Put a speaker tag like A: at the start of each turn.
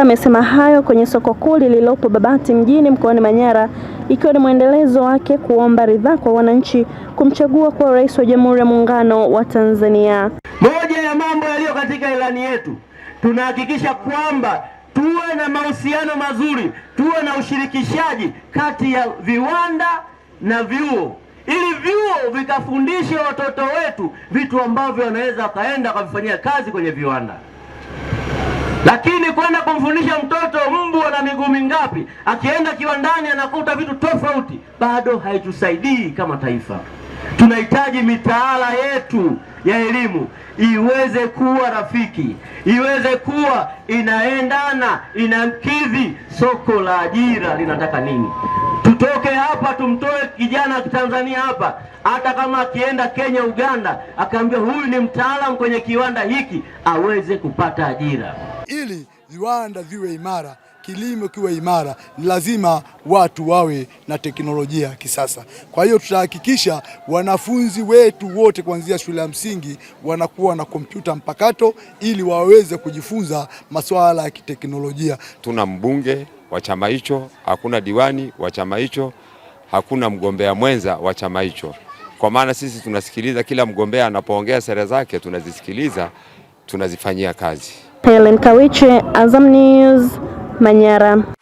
A: Chalamila amesema hayo kwenye soko kuu lililopo Babati mjini mkoani Manyara, ikiwa ni mwendelezo wake kuomba ridhaa kwa wananchi kumchagua kuwa rais wa Jamhuri ya Muungano wa Tanzania.
B: Moja ya mambo yaliyo katika ilani yetu, tunahakikisha kwamba tuwe na mahusiano mazuri, tuwe na ushirikishaji kati ya viwanda na vyuo ili vyuo vikafundishe watoto wetu vitu ambavyo wanaweza wakaenda wakavifanyia kazi kwenye viwanda. Lakini kwenda kumfundisha mtoto mbu ana miguu mingapi, akienda kiwandani anakuta vitu tofauti, bado haitusaidii kama taifa. Tunahitaji mitaala yetu ya elimu iweze kuwa rafiki, iweze kuwa inaendana, inakidhi soko la ajira linataka nini. Tutoke hapa tumtoe kijana Tanzania hapa, hata kama akienda Kenya, Uganda, akaambia huyu ni mtaalamu kwenye kiwanda hiki, aweze kupata ajira
C: ili viwanda viwe imara, kilimo kiwe imara, ni lazima watu wawe na teknolojia ya kisasa. Kwa hiyo tutahakikisha wanafunzi wetu wote kuanzia shule ya msingi wanakuwa na kompyuta mpakato ili waweze kujifunza masuala ya kiteknolojia.
D: Tuna mbunge wa chama hicho, hakuna diwani wa chama hicho, hakuna mgombea mwenza wa chama hicho, kwa maana sisi tunasikiliza kila mgombea anapoongea sera zake, tunazisikiliza tunazifanyia kazi.
E: Helen Kawiche, Azam News, Manyara.